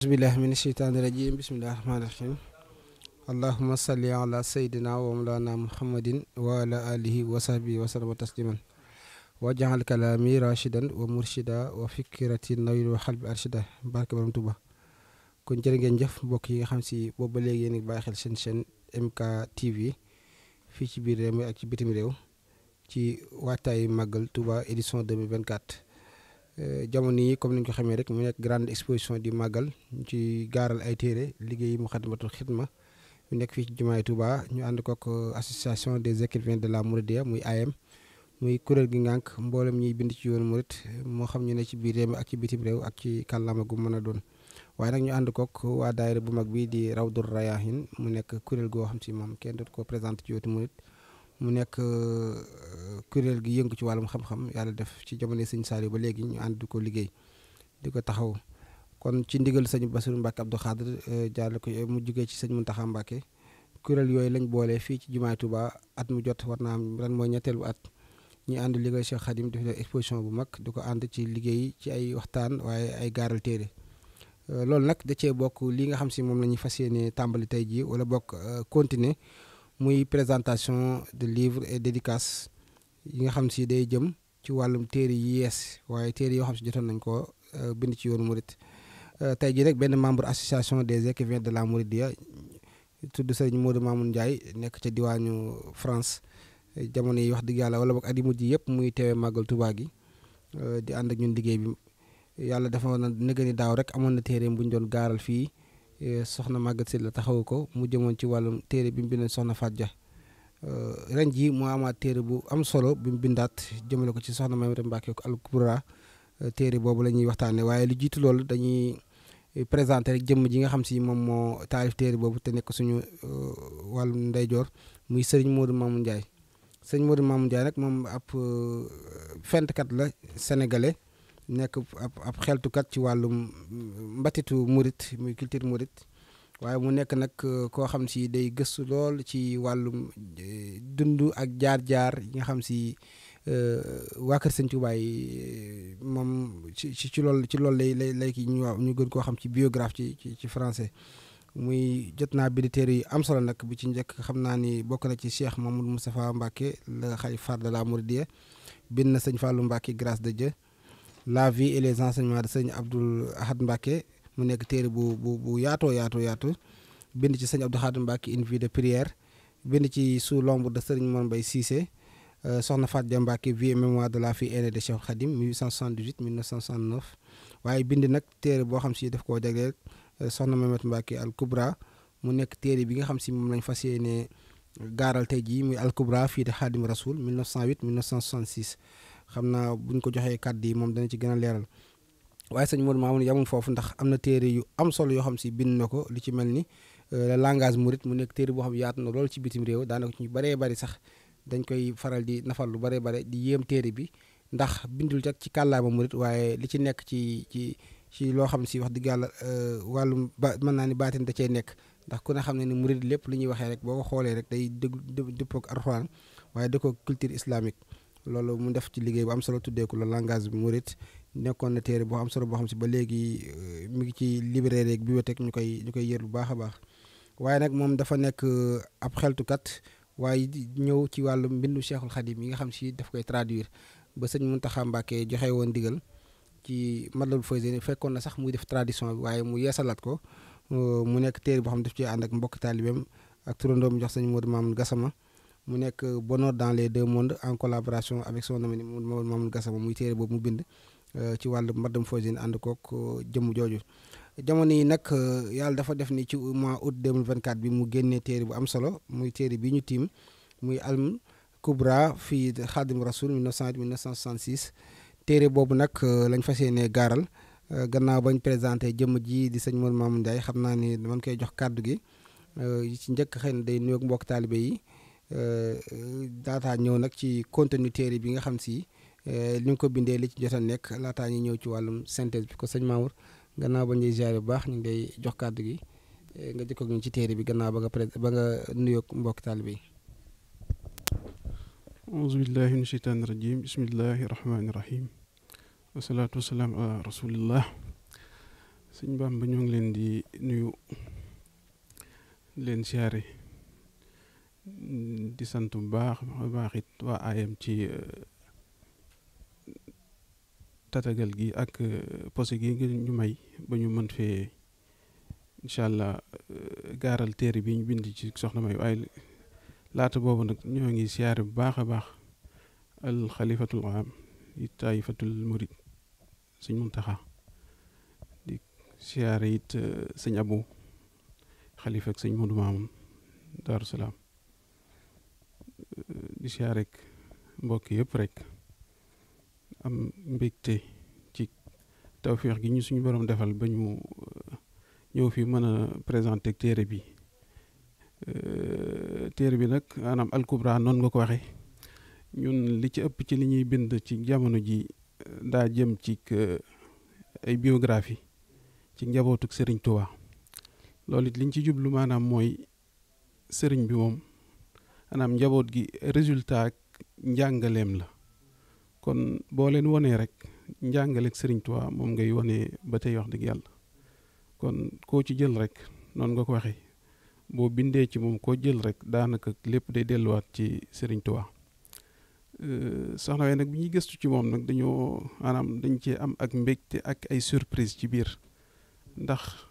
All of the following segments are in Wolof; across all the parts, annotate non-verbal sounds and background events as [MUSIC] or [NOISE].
bismillahi min asheytaani bismillahi rahmaani rahim allahuma salli ala seydina wa muhammadin wa ala wa sahbihi wa sallama tasliman wa jaxal kalaami rashidan wa murshida wa fikrati nawil wa xalbi arshida barke borom tuba kon jërë ngeen jëf mbokk yi nga xam si boobu ba léegi yéen ngi bàyyi xel MK TV fii ci biir réew ak ci bitim réew ci waajtaayu màggal Touba édition Euh, jamono yi comme ni ñu ko xamee rek mu nekk grande exposition di màggal ñu ci gaaral ay téere liggéey mu xadmatul xidma ñu nekk fii ci jumaay Touba ñu ànd kook euh, association des écrivains de la Mouridia muy AM muy kuréel gi ngànk mboolem ñuy bind ci yoon murit moo xam ñu ne ci biir réew ak ci bitim réew ak ci kàllaama gu mën a doon waaye nag ñu ànd kook waa daayira bu mag bi di raw Rawdur Rayahin mu nekk kuréel goo xam si moom kenn dootu ko présenté ci yootu murit mu nekk euh, kuréel gi yëngu ci wàllum xam-xam yàlla def ci jamono sëñ Saliou ba léegi ñu ànd ko liggéey di ko taxaw kon ci ndigal sëñ Bassirou Mbacke Abdou Khadre euh, jaarale ko mu jugee ci sëñ Mountakha Mbacke kuréel yooyu lañ boole fii ci jumaay at mu jot war naa am ren mooy ñetteelu at ñu ànd liggéey Cheikh Khadim def exposition bu mag du ko ànd ci liggéey ci ay waxtaan waaye ay gaaral téere euh, loolu nag da cee bokk li nga xam si moom la ñuy fas yéene tàmbali tey jii wala bokk continuer muy présentation de livres et dédicaces yi nga xam si day jëm ci wàllum téere yi yees waaye téere yoo xam si jotoon nañ ko euh, bind ci yoonu murit euh, tey jii rek benn membre association des écrivains de la Mouridiya tudd sëriñ Modou Mamoun Ndiaye nekk ca diwaanu France jamono yi wax dëgg yàlla wala boog at yi mujj yëpp muy teewee màggal Tuubaa gi euh, di ànd ak ñun liggéey bi yàlla dafa na nëgëni daaw rek amoon na téereem bu ñu doon gaaral fii Eh, soxna Maguette Sylla taxawu ko mu jëmoon ci wàllum téere bi mu bindoon soxna Fadja eh, ren ji mu amaat téere bu am solo bi mu bindaat jëmale ko ci soxna Maguette Mbacke al-Kubra eh, téere boobu la ñuy waxtaanee waaye lu jiitu loolu dañuy présenter rek jëmm ji nga xam si moom moo taalif téere boobu te nekk suñu wàllum ndeyjoor muy sëriñ Modou Mamoun Ndiaye sëriñ Modou Mamoun Ndiaye nag moom ab fentkat la sénégalais. nekk ab ab xeltukat ci wàllum mbatitu murit muy culture murit waaye mu nekk nag euh, koo xam si day gëstu lool ci wàllum euh, dund ak jaar-jaar yi nga xam si euh, waa Kër Sëñ Tuubaa moom ci ci loolu ci loolu lay lay lay ki ñu ñu gën koo xam ci biographe ci ci français muy jot naa bindi téere yu am solo nag bu ci njëkk xam naa ni bokk na ci Cheikh Mamadou Moustapha Mbacké la far de la Mouridiyya bind na Sëñ Fallou Mbacké grâce de Dieu la vie et les enseignements de sëñ Abdoul Ahad Mbacké mu nekk téere bu bu bu yaatoo yaatoo yaatu bind ci sëñ Abdoul Ahad Mbacké une vie de prière bind ci sous l'ombre de sëriñ Mor Mbaye Cissé euh, soxna Fatia Mbacké vie et mémoire de la fille aînée de Cheikh Khadim 1878 1969 waaye bind nag téere boo xam si daf koo jagleel euh, soxna Mamet Mbacké al Kubra mu nekk téere bi nga xam si moom lañ fa yéenee gaaral tey ji muy al Kubra fii de Khadim Rasoul xam naa buñ ko joxee kàddu yi moom dana ci gën a leeral waaye sëñ Modou Mamoune yamul foofu ndax am na téere yu am solo yoo xam si bind na ko li ci mel ni euh, le langage mouride mu nekk téere boo xam yaatu na lool ci bitim réew daanaka ñu bëree bëri sax dañ koy faral di nafal lu bëree bëri di yéem téere bi ndax bindul rek ci kàllaama murit waaye li ci nekk ci ci ci loo xam si wax dëgg yàlla euh, wàllum ba mën naa ni baatin da cee nekk ndax ku ne xam ne ni murit lépp lu ñuy waxee rek boo ko xoolee rek day dëgg dëppoo ak waaye da ko culture islamique loolu mu def ci liggéey bu am solo tuddee ko la langage bi murit nekkoon na téere boo am solo boo xam si ba léegi euh, mu ngi ci librairie ak bibliothèque ñu koy ñu koy yër bu baax a baax waaye nag moom dafa nekk euh, ab xeltukat waaye ñëw ci wàll mbindu Cheikhul Khadim yi nga xam si daf koy traduire ba sëñ mun Mountakha Mbacké joxe woon digal ci Matlabul Fawzayni fekkoon na sax muy def tradition bi waaye mu yeesalaat ko euh, mu nekk téere boo xam def ci ànd ak mbokki taalibeem ak turandoom jox sëñ Modou Mamoun Gassama mu nekk bonheur dans les deux mondes en collaboration avec son ami Mamadou Gassama muy téere boobu mu bind euh, ci wàllu mbadum Fozine ànd koog euh, jëmm jooju. jamono yi nag euh, yàlla dafa def ni ci mois août 2024 bi mu génnee téere bu am solo muy téere bi ñu tiim muy alm Kubra fii Xaadim Rasul 1900 1966 téere boobu nag lañ fas yéenee gaaral gannaaw bañ présenter jëmm ji di sëñ Mamadou Mamoune Ndiaye xam naa ni man koy jox kàddu gi ci njëkk xëy na day nuyoog mbokk taalibe yi. Euh, daataa ñëw nag ci contenu téere bi nga xam si li euh, ñu ko bindee li ci jot a nekk laataa ñuy ñëw ci wàllum synthèse bi ko sëñ Mamour gannaaw ba ñuy ziare bu baax ñu ngi lay jox kàddu gi euh, nga jëkkoog ñu ci téere bi gannaaw ba nga pré ba nga nuyoog mbokk taalibe yi. auzu billahi min sheytaani rajim bismillahi rahmaani rahim wasalaatu wasalaam ala ngi leen di nuyu leen ziare. di sant bu baax baaxit baax waa ayam ci euh, tatagal gi ak euh, posé gi ngir ñu may ba ñu mën fee incha allah euh, gaaral téere bi ñu bind ci soxna may waaye laata boobu nag ñoo ngi siyaare bu baax a baax al xalifatul aam yi taayifatul murid sëñ Muntaxa di siyaare it sëñ Abu xalifa ak sëñ Mudu Maamun di rek mbokk yëpp rek am mbégte ci tawféex gi ñu suñu boroom defal ba ñu uh, ñëw fi mën a présenter téere bi uh, téere bi nag maanaam alkubra noonu nga ko waxe ñun li ci ëpp ci li ñuy bind ci jamono ji uh, daa jëm ci ay biographie ci njabootuk sëriñ Tuubaa loolu it liñ ci jublu maanaam mooy sëriñ bi moom maanaam njaboot gi résultat njàngaleem la kon boo leen wonee rek njàngaleeg Sëriñ moom ngay wonee ba tey wax dëgg yàlla kon koo ci jël rek noonu nga ko waxe boo bindee ci moom koo jël rek daanaka lépp day delluwaat ci Sëriñ Tuubaa euh, soxna waaye nag bi ñuy gëstu ci moom nag dañoo maanaam dañ cee am ak mbégte ak ay surprise ci biir ndax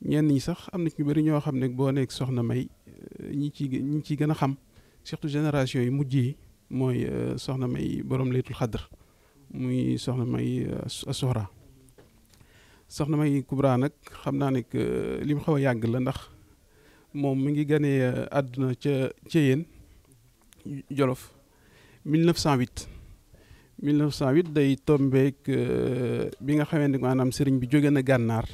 ñenn ñi sax am na ci ñu bëri ñoo xam ne boo nekk soxna may euh, ñi ci gën a xam surtout génération yi mujj yi mooy euh, soxna may borom laytul xadr muy soxna may euh, soxra soxna may kubra nag xam naa ne euh, li mu xaw a yàgg la ndax moom mi ngi ganee àdduna ca Thiéyène Jolof 1908 1908 day tombeek bi nga xamee ne maanaam sëriñ bi jóge na gànnaar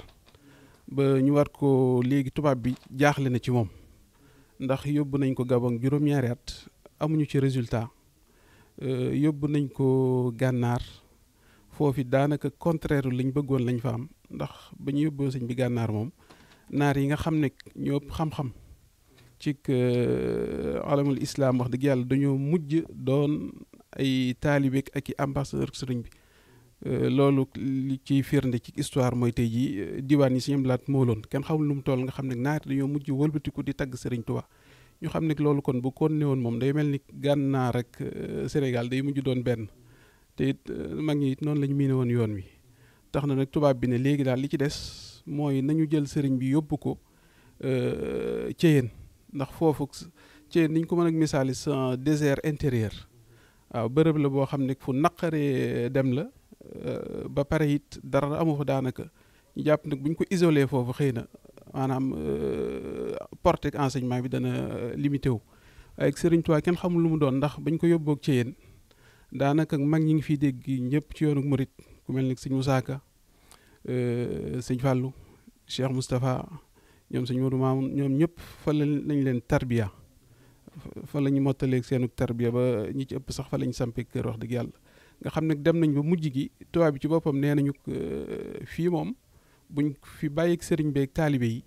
ba ñu war ko léegi tubaab bi jaaxle na ci moom ndax yóbbu nañ ko Gabon juróom-ñaari at amuñu ci résultat euh, yóbbu nañ ko gànnaar foofu daanaka contraire liñ bëggoon lañ fa am ndax ba yóbboo sëñ bi gànnaar moom naar yi nga xam ne ñoo xam-xam ci euh, alamul islaam wax dëgg yàlla dañoo mujj doon ay taalibeek ak i ambassadeur sëriñ bi Euh, loolu ci ciy firnde ci histoire mooy tey jii euh, diwaan yi Sëñ Abdou Lahat mooloon kenn xamul lu mu toll nga xam ne naat dañoo mujj wëlbatiku di tagg Serigne Touba ñu xam ne loolu kon bu kon ne woon moom day mel ni Gànnaar rek euh, Sénégal day mujj doon benn te it mag ñi it noonu la miine woon yoon wi tax na nag tubaab bi ne léegi daal li ci des mooy nañu jël sëriñ bi yóbbu ko Ceyeen ndax foofu Ceyeen niñ ko mën a misaali c'est un désert intérieur waaw bërëb la boo xam ne fu naqaree dem la. Euh, ba pare it dara amu fa daanaka jàpp nag bu ñu ko isolé foofu xëy na maanaam euh, portée enseignement bi dana euh, limité wu. waaye Serigne Touba kenn xamul lu mu doon ndax bañ ko yóbboog ci yéen daanaka mag ñi ngi fiy dégg ñëpp ci yoonu murit ku mel ni sëñ Moussa Ka sëñ Fallou Cheikh Moustapha ñoom sëñ Modou Mamoun ñoom ñëpp fa lañ leen tarbiya fa la ñu mottaleeg seenu tarbiya ba ñi ci ëpp sax fa la ñu sampee kër wax dëgg yàlla. nga xam ne dem nañ ba mujj gi tubaab bi ci boppam nee nañu euh, fii moom buñ fi bàyyeeg sëriñ beeg taalibe yi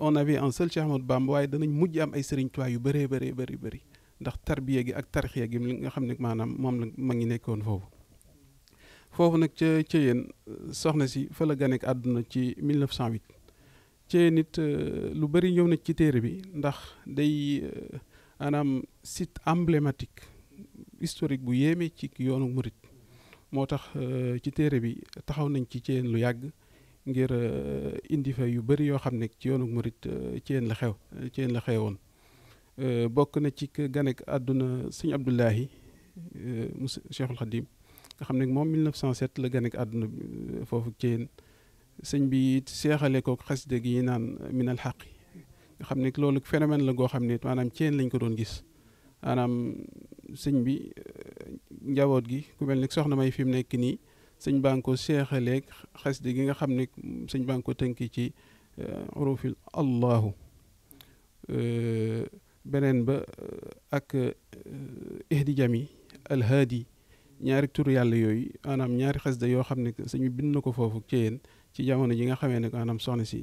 on avait un seul Cheikh Ahmadou Bamba waaye danañ mujj am ay sëriñ tubaab yu bëree bëree bëri bëri ndax tarbiya gi ak tarxiya gi nga xam ne maanaam moom la ma ngi nekkoon foofu. foofu nag ca ca soxna si fa la ganek àdduna ci 1908 ca yéen it euh, lu bëri ñëw nañ ci téere bi ndax day maanaam euh, site emblématique. historique bu yéemee ci yoonu murit moo tax euh, ci téere bi taxaw nañ ci ceyen lu yàgg ngir euh, indi fa yu bari yoo xam ne ci yoonu murit euh, ceen la xew ceen la xewoon bokk na ci ganek àdduna sëñ Abdullahi mu Cheikhul Khadim nga xam ne moom 1907 la ganek àdduna foofu ceen sëñ bi seexale ko xasida gi naan minal xaq nga xam ne loolu phénomène la goo xam ne maanaam ceen lañ ko doon gis maanaam sëñ bi euh, njaboot gi ku mel ni soxna may fi mu nekk nii sëñ baa ngi ko seexaleeg xasida gi nga xam ni sëñ baa ngi ko tënki ci euh, urufil allahu euh, beneen ba ak ihdi jami alhaadi ñaari tur yooyu maanaam ñaari xasida yoo xam ne sëñ bind na ko foofu ci ci jamono ji nga xamee ne maanaam soxna si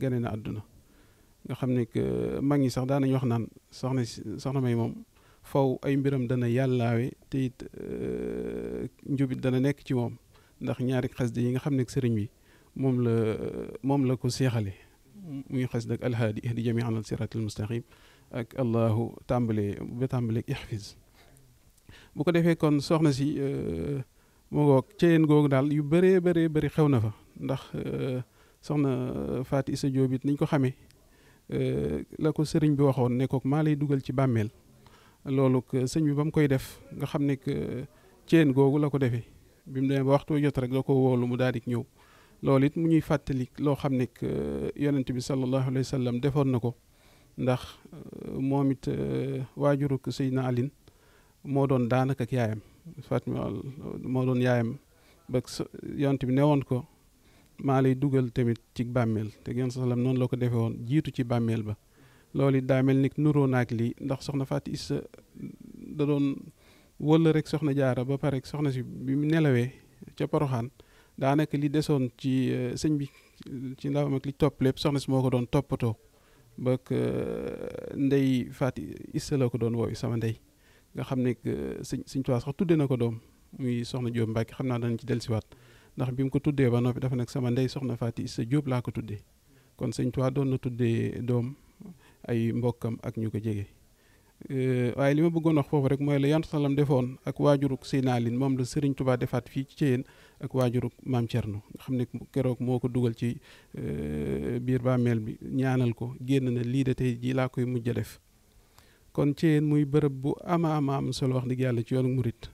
gane na àdduna nga xam ne mag ñi sax daanañ wax naan soxna si soxna may moom faw ay mbiram dana yàllaawe te it euh, njubit dana nekk ci moom ndax ñaari xes yi nga xam ne sëriñ bi moom la moom la ko seexale muy xasida ak alhaadi ihdi jami alal siraatil mustaqim ak allahu tàmbale ba bu ko defee kon soxna si euh, mu ngoog ceyeen googu daal yu bëree bëree bari xew na fa ndax euh, soxna Faati Isa Jóob it niñ ko xame la ko sëriñ bi waxoon ne kook maa lay dugal ci bàmmeel loolu sëñ bi ba mu koy def nga xam ne que ceen googu la ko defee bi mu demee ba waxtu jot rek la ko woolu mu daal di ñëw loolu it mu ñuy fàttali loo xam ne que yonent bi sallallahu alayhi wa sallam defoon na ko ndax euh, moom it euh, waajuruk Seydina Alin moo doon daanaka ak yaayam Fatima moo doon yaayam ba yonent bi ne woon ko maa lay dugal tamit ci bàmmeel te yonent sallam noonu la ko defee woon jiitu ci bàmmeel ba loolu it daa mel ni nuroo naag lii ndax soxna Fatou Issa da doon wëla rek soxna jaara ba pare soxna si bi mu nelawee ca Poroxaan daanaka li desoon ci euh, sëñ bi ci ndawam ak li topp lépp soxna si moo ko doon toppatoo ba euh, ndey Fatou Issa ko doon wooyu sama ndey nga xam ne euh, sëñ sëñ Tuubaa sax tudde na ko doom muy soxna Jóob Mbàkke xam naa danañ ci dellusiwaat ndax bi mu ko tuddee ba noppi dafa nag sama ndey soxna Fatou Issa Jóob laa ko tuddee kon sëñ doon na tuddee doom ay mbokkam ak ñu ko jege. Euh, waaye li ma bëggoon wax foofu rek mooy la yantu salam defoon ak waajurug Seydina Alioune moom la Serigne Touba defaat fii ci Thiéyène ak waajuru maam Thierno nga xam ne keroog moo ko dugal ci euh, biir bàmmeel bi ñaanal ko génn na lii de tey jii laa koy mujj a def. kon Thiéyène muy bërëb bu ama ama am solo wax dëgg yàlla ci yoonu murit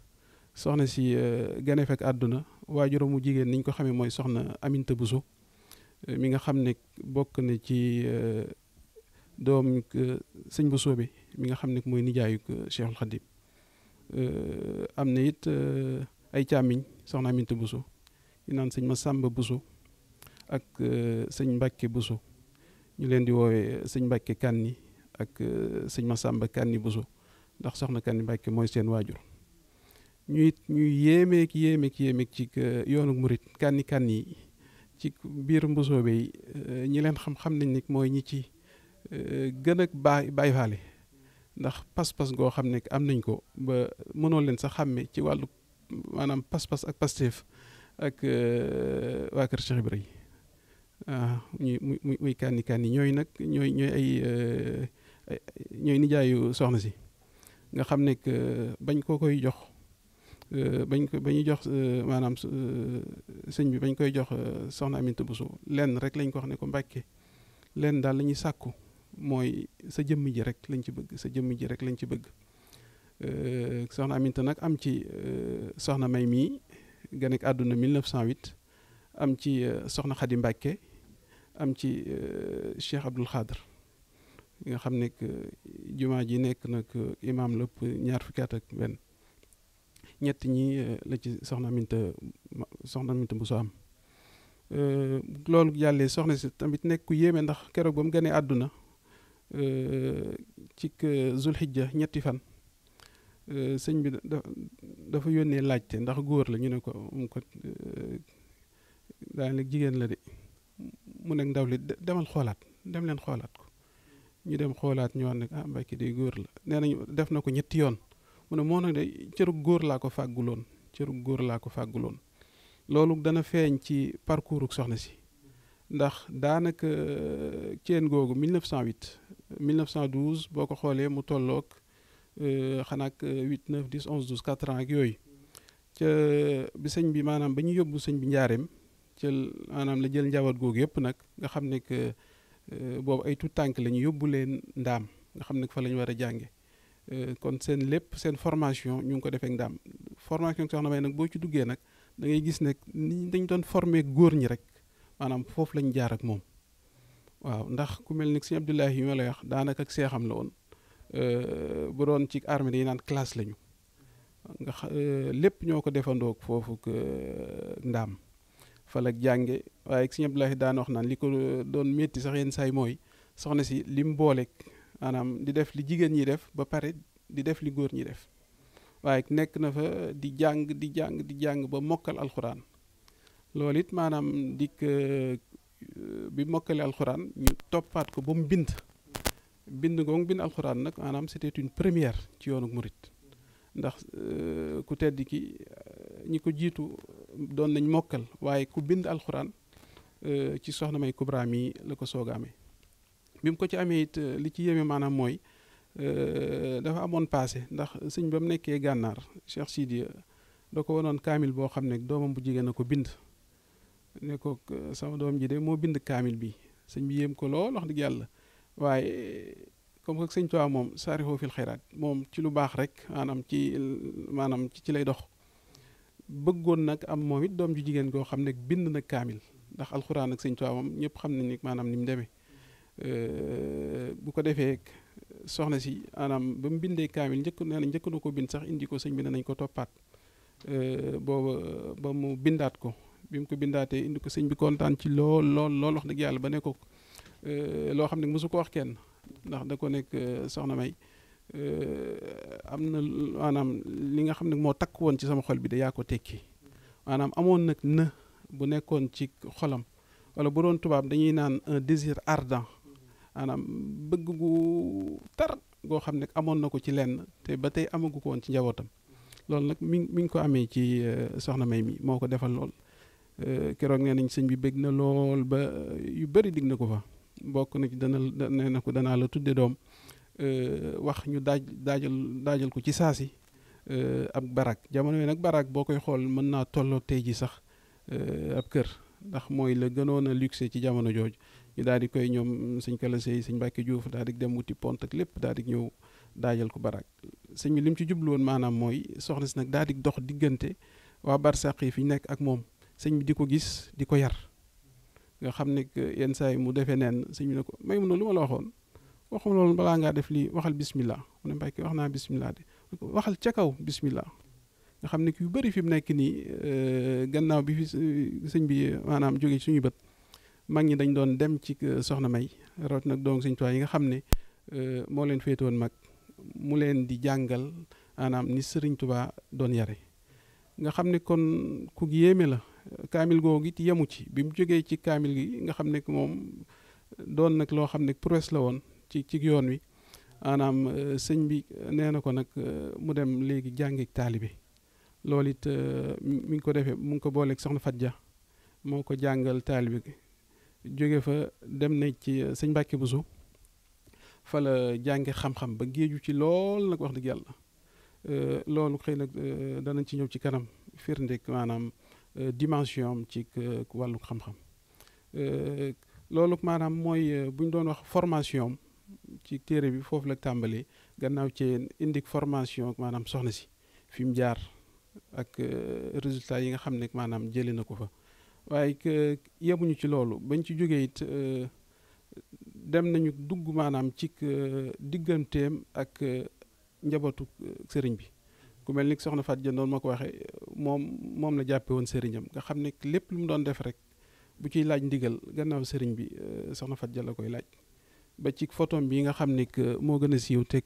soxna si euh, gane fekk àdduna waajuram mu jigéen niñ ko xamee mooy soxna Aminta Bousso mi nga xam ne bokk na ci. doom sëñ bu bi mi nga xam ne mooy nijaayu Cheikhul Khadim am na it ay càmmiñ soxna Aminta Bousso ñu naan sëñ sàmba Bousso ak sëñ Mbacke Bousso ñu leen di woowee sëñ Mbacke Kanni ak sëñ Massamba Kanni Bousso ndax soxna Kanni Mbacke mooy seen waajur ñuy ñuy yéemeek yéemeek yéemeek ci yoonu murit Kanni Kanni yi ci biir mbusoobe yi ñi leen xam-xam nañ ni mooy ñi ci gën a bàyyi bàyyi faale ndax pas-pas goo xam ne am nañ ko ba mënoo leen sa xàmme ci wàllu maanaam pas-pas ak pasteef ak euh, waa kër Cheikh Ibrahima ah muy muy muy ñooy nag ñooy ñooy euh, ay ñooy nijaayu soxna si nga xam ne bañ koo koy jox euh, bañ ko bañuy jox maanaam sëñ bi bañ koy jox soxna Aminta Bousso lenn rek lañ ko wax ne ko Mbàkke lenn daal la ñuy sàkku mooy sa jëmm ji rek lañ ci bëgg sa jëmm ji rek lañ ci bëgg euh, soxna Aminta nag am ci euh, soxna May mii gane ak àdduna 1908 am ci euh, soxna Xadi Mbàkke am ci Cheikh Abdoul Khadr nga xam ne jumaa ji nekk nag imaam lépp ñaar fukki at ak benn ñett ñi la ci soxna Aminta soxna Aminta Bousso am loolu yàlla soxna si tamit nekk ku yéeme ndax keroog ba mu gënee àdduna Euh, ci zulhijja ñetti fan euh, sëñ bi dafa yónnee laajte ndax góor la ñu ne ko mu ko euh, daanaka jigéen la de mu nekk ndaw li demal xoolaat dem leen xoolaat ko ñu dem xoolaat ñu wax ne ah mbàkki day góor la nee nañu def na ko ñetti yoon mu ne moo nag de cëru góor laa ko fàgguloon cëru góor laa ko fàgguloon loolu dana feeñ ci parcours soxna si ndax daanaka ceen euh, googu 1908 1912 boo ko xoolee mu tollook tolloog xanaak 8 9 10 11 12 4 ans ak yooyu ca euh, bi sëñ bi maanaam ba ñu yóbbu sëñ bi njaareem ca maanaam la jël njaboot googu yëpp nag nga xam ne que euh, boobu ay tout tànk la ñu yóbbu leen ndaam nga xam ne ko fa la ñu war a jànge kon seen lépp seen formation ñu ngi ko defee ndaam formation na may nag boo ci duggee nag dangay ngay gis ne ni dañ doon former góor ñi rek maanaam foofu lañu jaar ak moom waaw ndax ku mel ni sëñ Abdoulahi yi ma lay wax daanaka ak seexam la woon euh, bu doon ci armée yi naan classe lañu nga euh, lépp ñoo ko defandoo foofu euh, ndaam falak la jànge waaye sëñ Abdoulahi daan wax naan li ko doon métti sax yenn saay mooy soxna si li mu booleeg maanaam di def li jigéen ñi def ba pare di def li góor ñi def waaye nekk na fa di jàng di jàng di jàng ba mokkal alxuraan loolu it maanaam dikk euh, bi mokkale alxuraan ñu toppaat ko ba mu bind bind googu bind alxuraan nag maanaam c'était tune première ci yoonu murit ndax euh, ku tedd ki euh, ñi ko jiitu doon nañ mokkal waaye ku bind alxuraan ci soxna May Kubra yi la ko soog a amee bi mu ko ci amee it li ci yeme maanaam mooy dafa amoon passé ndax sëñ ba mu nekkee gànnaar Cheikh Sidiya da ko wonoon kaamil boo xam ne doomam bu jigéen a ko bind ne ko sama doom ji de moo bind kaamil bi sëñ bi yéem ko lool wax dëgg yàlla waaye comme que sëñ Tuubaa moom saarixoo fil moom ci lu baax rek maanaam ci maanaam ci lay dox bëggoon nag am moom it doom ju jigéen koo xam ne bind na kaamil ndax alxuraan ak sëñ Tuubaa moom ñëpp xam nañ ni maanaam ni mu demee bu ko defee soxna si anaam ba mu bindee kaamil njëkk nee na njëkk na ko bind sax indi ko sëñ bi ne nañ ko toppaat booba ba mu bindaat ko bi mu ko bindaatee indi ko sëñ bi kontaan ci lool lool lool wax dëgg yàlla ba ne ko euh, loo xam ne mosu ko wax kenn ndax da ko nekk euh, soxna May euh, am na maanaam li nga xam ne moo takk woon ci sama xol bi de yaa ko tekki maanaam amoon nag na bu nekkoon ci xolam wala bu doon tubaab dañuy naan désir ardent maanaam bëgg gu tar xam ne amoon na ko ci lenn ba tey amagu ko ci njabootam loolu nag mi mi ngi ko amee ci soxna May mi moo ko defal lool. Eh, keroog nee nañ sëñ bi bég na lool ba eh, yu bari dig na ko fa bokk na ci dana na ko danaa la tudde doom eh, wax ñu daaj daajal daajal ko ci saasi ab barak jamono yi nag barak boo koy xool mën naa tolloo tey ji sax ab kër ndax mooy la gënoon a luxe ci jamono jooju ñu daal di koy ñoom sëñ Kala Sey sëñ Mbàkke Juuf daal di dem wuti pont ak lépp daal di ñëw daajal ko barak sëñ bi li ci jublu woon maanaam mooy soxna si nag daal di dox diggante waa barsàq yi fi ñu nekk ak moom sëñ bi di ko gis di ko yar nga xam ne yenn saa mu defee neen sëñ bi ne ko may mun na lu ma la waxoon waxuma loolu balaa ngaa def lii waxal bismillah mu ne mbàkke wax naa bismillah de waxal ca kaw bismillah nga xam ne ki yu bëri fi mu nekk nii euh, gannaaw bi bi maanaam jóge suñu bët mag ñi dañ doon dem ci soxna may rawat nag donc sëñ yi nga xam ne euh, moo leen féetoon mag mu leen di jàngal maanaam ni sëriñ tubaa doon yare nga xam ne kon ku yéeme la kaamil googu it yemu ci bi mu jógee ci kaamil gi nga xam ne moom doon nag loo xam ne prouesse la woon ci ci yoon wi maanaam euh, sëñ bi nee na ko nag euh, mu dem léegi jàngi taalibe loolu it euh, mi ngi ko defee mu ngi ko booleeg soxna ja moo ko jàngal taalibe gi jóge fa dem na ci sëñ Mbàkke Buso fa la jànge xam-xam ba géeju ci lool nag wax dëgg yàlla loolu xëy nag danañ ci ñëw ci kanam firndeek maanaam Euh, dimension ci wàllu xam-xam euh, loolu maanaam mooy euh, bu ñu doon wax formation ci téere bi foofu la tàmbalee gannaaw ci indi formation maanaam soxna si fi mu jaar ak résultat yi nga xam ne maanaam jëlee na ko fa waaye yemuñu ci loolu bañ ci jógee it dem nañu dugg maanaam ci digganteem ak njabootu sëriñ bi ku mel ni soxna Faat Jën doon ma ko waxe moom moom la jàppe woon sëriñam nga xam ni lépp lu mu doon def rek bu ciy laaj ndigal gannaaw sëriñ bi euh, soxna Faat Jën la koy laaj ba ci photo bi nga xam ni moo gën a siiw te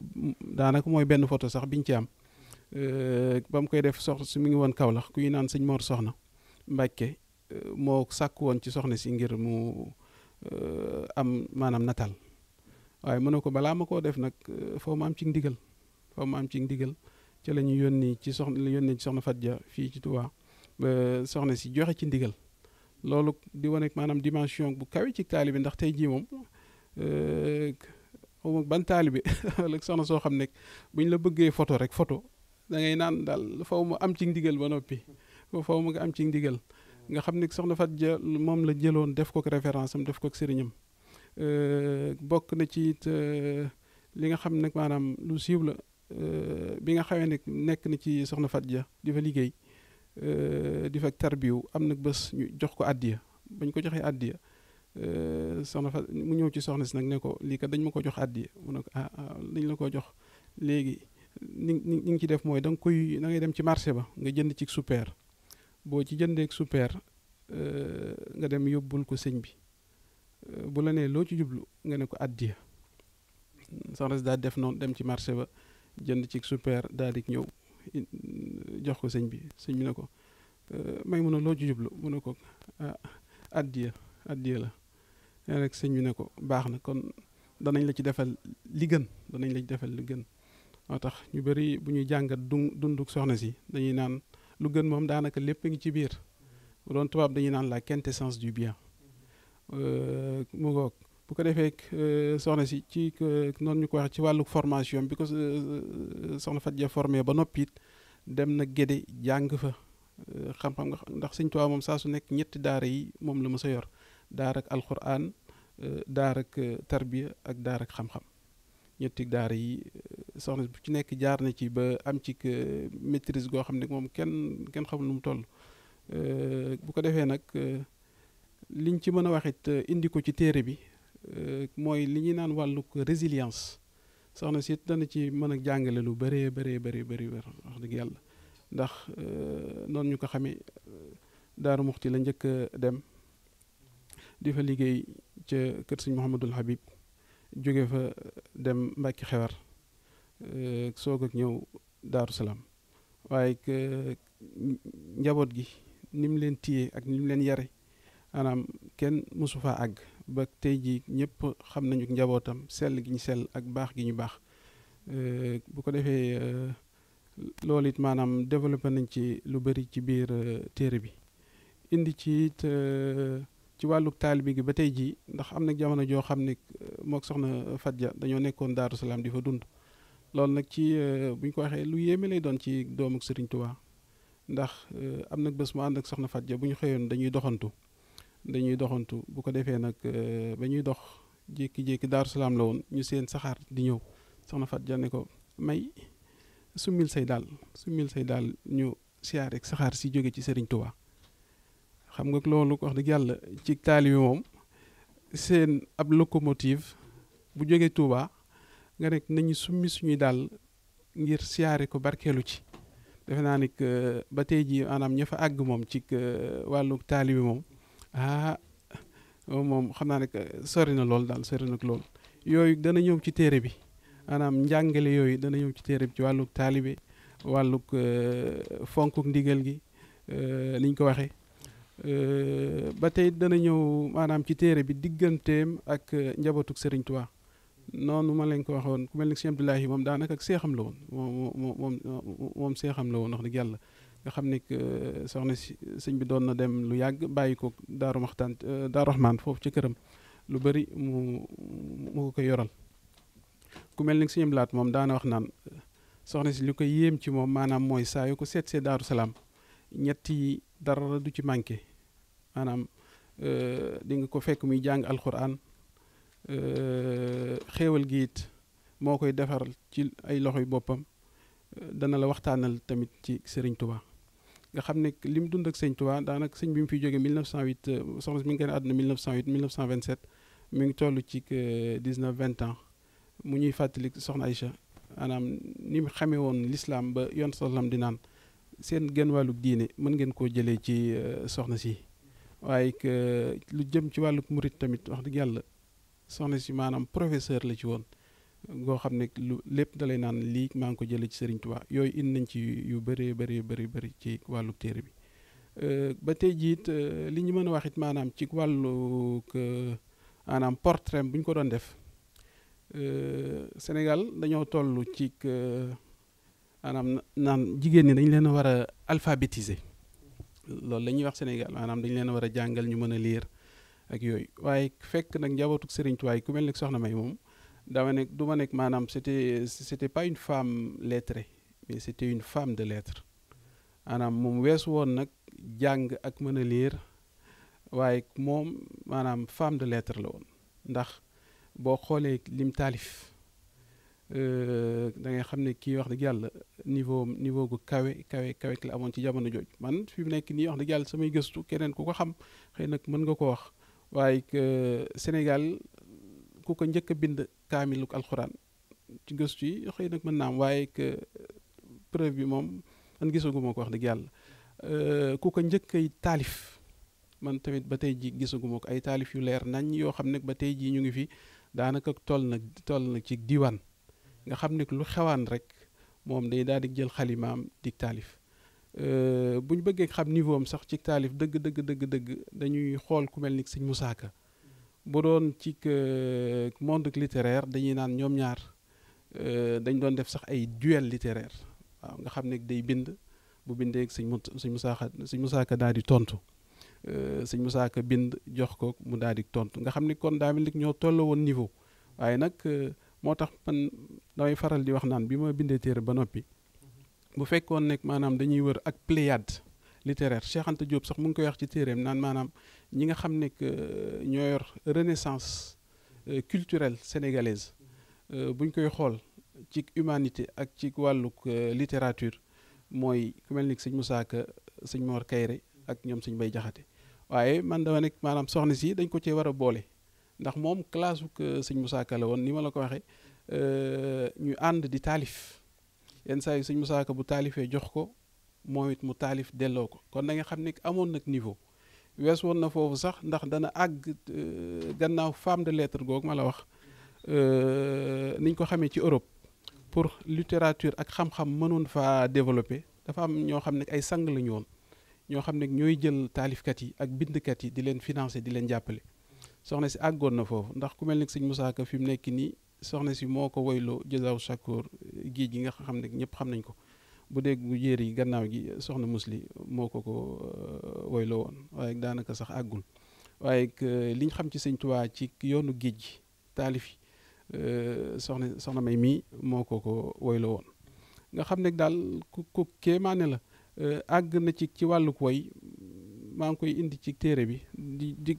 daanaka mooy benn photo sax biñ ci am euh, ba mu koy def soxna si ngi woon Kaolack ku ñu naan sëñ Mor Soxna Mbàkke euh, moo sàkk woon ci soxna si ngir mu am maanaam nataal waaye mën na ko balaa ma koo def nag foo ma am ci ndigal foo ma am ci ndigal ci la ñu yónni ci soxna yónnee ci soxna Fatia fii ci Touba ba soxna si joxe ci ndigal loolu di wane maanaam dimension bu kawe ci taalibe ndax tey jii moom euh, ban taalibe [LAUGHS] wala soxna soo xam nekk bu ñu la bëggee photo rek photo dangay naan daal faw mu am ci ndigal ba noppi faw mu nga am ci ndigal nga xam ne soxna Fatia moom la jëloon def ko référence am def ko sëriñam euh, bokk na ci it euh, li nga xam ne maanaam lu siiw la. bi nga xamee ne nekk na ci soxna Fat Dia di fa liggéey euh, di fa tarbiyu am na bés ñu jox ko addiya bañ ko joxee addiya euh, soxna Fat mu ñëw ci soxna si nag ne ko lii kat dañ ma ko jox addiya mu ne ko ah, ah dañ la ko jox léegi ni ngi ci def mooy da nga koy da dem ci marché ba nga jënd ci super boo ci jëndee super euh, nga dem yóbbul ko sëñ bi bu la nee loo ci jublu nga ne ko addiya soxna si daal def noonu dem ci marché ba jënd ci super daal ñëw jox ko sëñ bi sëñ bi ne ko euh, may mun a loo ci jublu mu ko ah addiya addiya la nee rek sëñ bi ne ko baax na kon danañ la ci defal li gën danañ la ci defal li gën moo tax ñu bari bu ñuy jàngat dun dunduk soxna si dañuy naan lu gën moom daanaka lépp ngi ci biir bu doon tubaab dañuy naan la quintessence du bien euh, mu ngoog bu ko defee euh, soxna si ci noonu ñu ko waxee ci wàllu formation bi ko euh, euh, soxna Fatou Dia formé ba noppiit dem na Gédé jàng fa xam-xam ndax Sëñ Tuubaa moom saa su nekk ñetti daara yi moom la ma a yor daarak ak alxuraan daara ak tarbiya ak daara ak xam-xam ñetti daara yi soxna bu ci nekk jaar na ci ba am ci maîtrise goo xam ne moom kenn kenn xamul nu mu toll bu ko defee nag liñ ci mën a waxit indi ko ci téere bi Euh, mooy li ñuy naan wàllu résilience soxna si dana ci mën ak jàngale lu bëree bëree bëri bëri wér wax dëgg yàlla ndax euh, noonu ñu ko xamee euh, Daaru Muxti la njëkk a dem di fa liggéey ca kër suñ Mouhamadul Habib jóge fa dem Mbàkke Xewar soog ak ñëw Daaru Salaam waaye njaboot gi ni mu leen tiye ak ni leen yare maanaam kenn mosu faa àgg ba tey jii ñëpp xam nañu njabootam sell gi ñu sell ak baax gi ñu baax bu ko defee loolu it maanaam développé nañ ci lu bari ci biir téere bi indi ci it ci wàllu taalibe gi ba tey jii ndax am na jamono joo xam ne moo soxna Fadja dañoo nekkoon Daaru Salaam di fa dund loolu nag ci bu ñu ko waxee lu yéeme lay doon ci doomu Serigne Touba ndax am na bés mu ànd ak soxna Fadja bu ñu xëyoon dañuy doxantu dañuy doxantu bu ko defee nag euh, ba ñuy dox jékki-jékki Daaru la woon ñu seen saxaar di ñëw soxna Fat Jane ko may summil say daal summil say daal ñu siyaar ak saxaar si jóge ci Serigne Touba xam nga loolu wax dëgg yàlla ci taali moom seen ab locomotive bu jóge Touba nga nekk nañu summi suñuy daal ngir siyaare ko barkeelu ci defe naa ni ba tey ji maanaam ña fa àgg moom ci euh, wàllu taali moom ah oh, moom xam naa ne sori na lool daal sori na lool yooyu dana ñëw ci téere bi maanaam njàngale yooyu dana ñëw ci téere bi ci wàlluk taalibe wàlluk euh, fonkuk ndigal gi euh, niñ ko waxee euh, ba tey dana ñëw maanaam ci téere bi digganteem ak njabootuk Serigne Touba noonu ma leen ko waxoon ku mel ni Cheikh Abdoulahi moom daanaka ak seexam la woon moom seexam la woon wax dëgg yàlla nga xam ne que euh, soxna si sëñ bi doon na dem lu yàgg bàyyi ko daaru maxtaan euh, daaru raxmaan foofu ci këram lu bari mu mu ko yoral ku mel ni suñu laat moom daana wax naan soxna si li ko yéem ci moom maanaam mooy saa yu ko seet see daaru salaam ñett yi dara du ci manqué maanaam euh, di ko fekk muy jàng alxuraan xéewal gi it moo koy defaral ci ay loxo loxoy boppam dana la waxtaanal tamit ci Serigne Touba. nga xam ne li mu dund ak sëñ Touba daanaka sëñ bi mu fiy jógee 1908 euh, soxna si mi ngi gën a àdduna 1908 1927 mi ngi tollu ci 19 euh, vingt ans mu ñuy fàttali soxna Aïcha maanaam ni mu xamee woon lislaam ba yoon salaam di naan seen genn wàllug diine mën ngeen koo jëlee ci euh, soxna si waaye lu jëm ci wàllug murit tamit wax dëgg yàlla soxna si maanaam professeur la ci woon. goo xam ne lu lépp da lay naan lii maa ngi ko jëlee ci Serigne Touba yooyu indi nañ ci yu bëree bëri bëri bëri ci wàllu téere bi euh, ba tey jiit euh, li ñu mën a wax it maanaam ci wàllu euh, maanaam portrait bu ñu ko doon def Sénégal dañoo toll ci maanaam naan jigéen ñi dañ leen a war a alphabétiser loolu la ñuy wax Sénégal maanaam dañ leen a war a jàngal ñu mën a lire ak yooyu waaye fekk nag njabootuk Serigne Touba ku mel ni soxna May moom. dama nekk du ma nekk maanaam c'était c'était pas une femme lettrée mais c'était une femme de lettres maanaam moom weesu woon nag jàng ak mën a lire waaye moom maanaam femme de lettres la woon ndax boo xoolee lim taalif euh, da ngay xam ne kii wax dëgg yàlla niveau niveau gu kawe kawe kawe la amoon ci jamono jooj man fi mu nekk nii wax dëgg yàlla samay gëstu keneen ku ko xam xëy nag mën nga ko wax waaye Sénégal ku ko njëkk a bind kaamilu alxuraan ci gëstu yi xëy nag mën naam waaye euh, preuve bi moom man gisaguma ko wax dëgg yàlla euh, ku ko njëkk ay taalif man tamit ba tey ji gisaguma ko ay taalif yu leer nañ yoo xam ne ba tey jii ñu ngi fi daanaka toll na toll na ci diwaan nga xam ne lu xewaan rek moom day daal di jël xalimaam di taalif euh, bu ñu bëggee xam niveau am sax ci taalif dëgg dëgg dëgg dañuy xool ku mel ni sëñ musaaka bu doon ci monde littéraire dañuy naan ñoom ñaar euh, dañ doon def sax ay duel littéraire waaw nga xam ne day bind bu bindee sëñ mu sëñ Musaa Ka sëñ daal di tontu euh, sëñ Musaa bind jox ko mu daal di tontu nga xam ne kon daa mel ni ñoo tolloo woon niveau waaye nag euh, moo tax man damay faral di wax naan bi ma bindee téere ba noppi bu fekkoon nekk maanaam dañuy wër ak Pléiade littéraire Cheikh Anta sax mu ngi koy wax ci téeréem naan maanaam ñi nga xam ne euh, ñoo yor renaissance euh, culturelle sénégalaise euh, buñ koy xool ci humanité ak ci wàlluk littérature mooy ku mel ni sëñ Moussa Ka sëñ Mor Kayre ak ñoom sëñ Bay Jaxate waaye man dama nekk maanaam soxna si dañ ko cee war a boole ndax moom classe uk sëñ Moussa la woon ni ma la ko waxee ñu ànd di taalif yenn saa yi sëñ bu taalifee jox ko moom it mu taalif delloo ko kon da nga xam ne amoon nag niveau wees woon na foofu sax ndax dana àgg euh, gannaaw femme de lettre googu ma la wax euh, niñ ko xamee ci Europe pour littérature ak xam-xam mënoon faa développer dafa am ñoo xam ne ay sang lañu woon ñoo xam ne ñooy jël taalifkat yi ak bindkat yi di leen financer di leen jàppale soxna si àggoon na foofu ndax ku mel ni sëñ Moussa Ka fi mu nekk nii soxna si moo ko woyloo jëzaaw Shakoor euh, géej gi nga xam ne ñëpp xam nañ ko bu dégg gu yi gannaaw gi soxna li moo ko ko euh, woyloo woon waaye daanaka sax àggul waaye liñ xam ci sëñ Tuubaa ci yoonu géej gi taalif yi euh, soxna soxna may mii moo ko ko woyloo woon nga xam ne daal ku ku kéemaane la euh, àgg na ci ci wàlluk woy maa ngi koy indi ci téere bi di di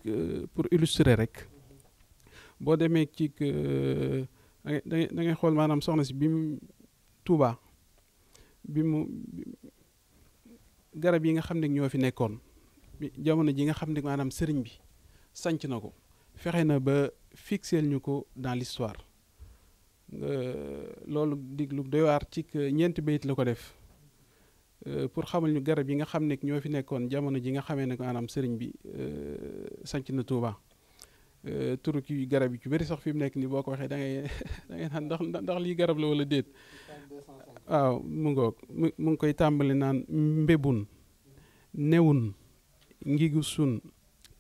pour illustrer rek boo demee ci da ngay xool maanaam soxna si bi mu bi mu garab yi nga xam ne ñoo fi nekkoon jamono ji nga xam ne maanaam sëriñ bi sanc na ko fexe na ba fixeel ñu ko dans l'histoire loolu diglu doy ci ñeenti bayit la ko def euh, pour xamul ñu garab yi nga xam ne ñoo fi nekkoon jamono ji nga xamee ne maanaam sëriñ bi euh, sanc na Touba euh, turu ki garab yi ci bëri sax fi mu nekk ni boo ko waxee da ngay [LAUGHS] naan ndax ndax garab la wala déet waaw mu ngoog mu ngi koy tàmbali naan mbebun newun ngigu